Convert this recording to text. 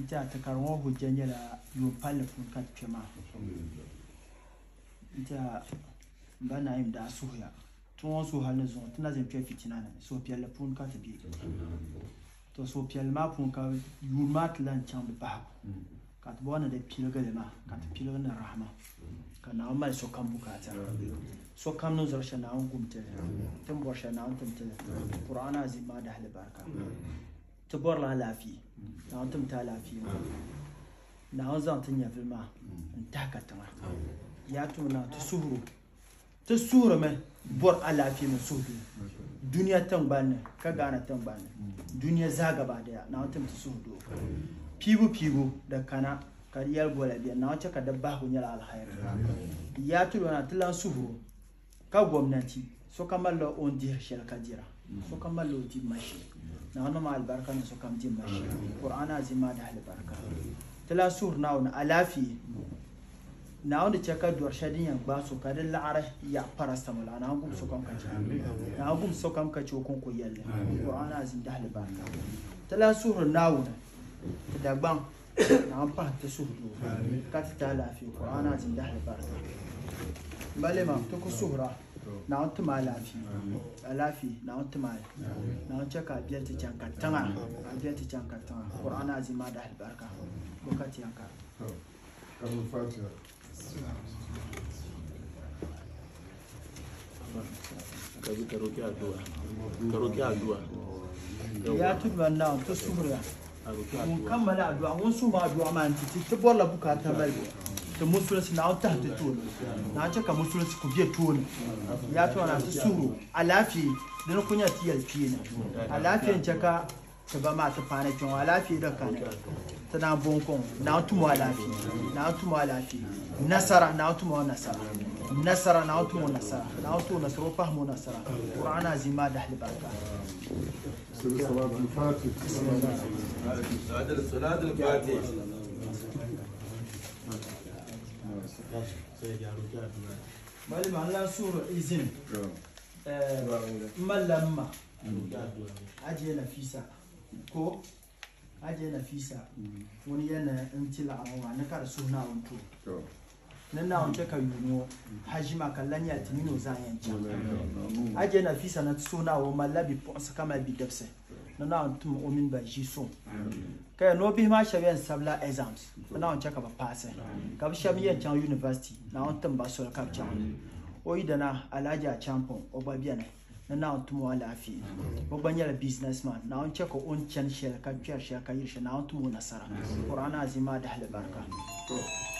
nti a takar ŋɔ hujja nyɛla yuun palli puuni ka ti kpɛ maa nti a ba naayim daa suhuya ti ŋɔ suhu hali zuŋɔ ti na zan kpɛ fitina ni suhupiɛlli puuni ka ti to suhupiɛlli maa puuni ka yuun maa ti lan chaŋ di bahibu ka ti bɔ ni di piligili maa ka ti piligi ni rahama ka naawun mali sokam bukata sokam ni zuɣu shɛ naawun gumtili tin bɔri shɛ naawun tumtili qur'an azim maa dahali barika ti borla lafi na wọn tum ta alafi ma na wọn zan tun yafi ma n ta ka ya tuna ti suhuru ti suhuru mai bor lafi mai suhuru duniya tingbanni ka gana tingbanni duniya zaa gaba daya na wọn tum ti suhuru pibu pibu da kana ka yɛl bola biya na wọn cɛ ka da bahigu nyɛla alhairi ya tuna ti lan suhuru ka gwamnati so ka la'on la shirka dihi shɛli ka dira سكم لو تي ماشي نحن مع البركة نسكم تي ماشي القرآن عزيم هذا البركة تلا سور ناون ألافي naawni chaka dorshadin yang ba so kadin la'ara ya paracetamol ana gum so kam kace na gum so kam kace kun ko yalle qur'ana azim dahle barka tala suru naawna da gban na pa ta suru do ka ta lafi qur'ana azim dahle barka bale ma to ko sura na wata malafi alafi na wata mal na wata ka biyar ta canka tanga a biyar ta canka tanga ƙur'an azima da albarka bukati yanka kamar fatiha ka bi ka roƙi addu'a ka roƙi addu'a ya tuba na ta sura mun kammala addu'a mun su ma addu'a ma ta ta bolla bukata bai da musulunci na wata hatu tun na cika musulunci ku biya tun ya tuwa na su suru a lafiya da na kunya tiyar kina a lafiyan caka ta ba ma ta fana kin a lafiya da kan ta na bonkon na tuma lafiya na tuma lafiya nasara na tuma nasara nasara na tuma nasara na tuma nasara fahmu nasara qur'an azima da hal barka صلاة الفاتح صلاة الفاتح bari ma Allah sura izin mallamma aje nafisa ko aje nafisa wani yana in tila amma na kar suna wanto nan na wanke ka yuno haji ma makallan ya timino zayan aje nafisa na suna wa mallabi po sakama bi dafse nana antum omin by jisum kaya no bi ma shabe sabla exams Now, on chaka ba pass ka bi shabe yan chan university na on tum ba sol ka chan o idana alaja champion o ba biana nana on tum wala afi o ba nyala businessman na on chaka on chan shel ka shel ka yir na on tum nasara qur'ana azima da hal baraka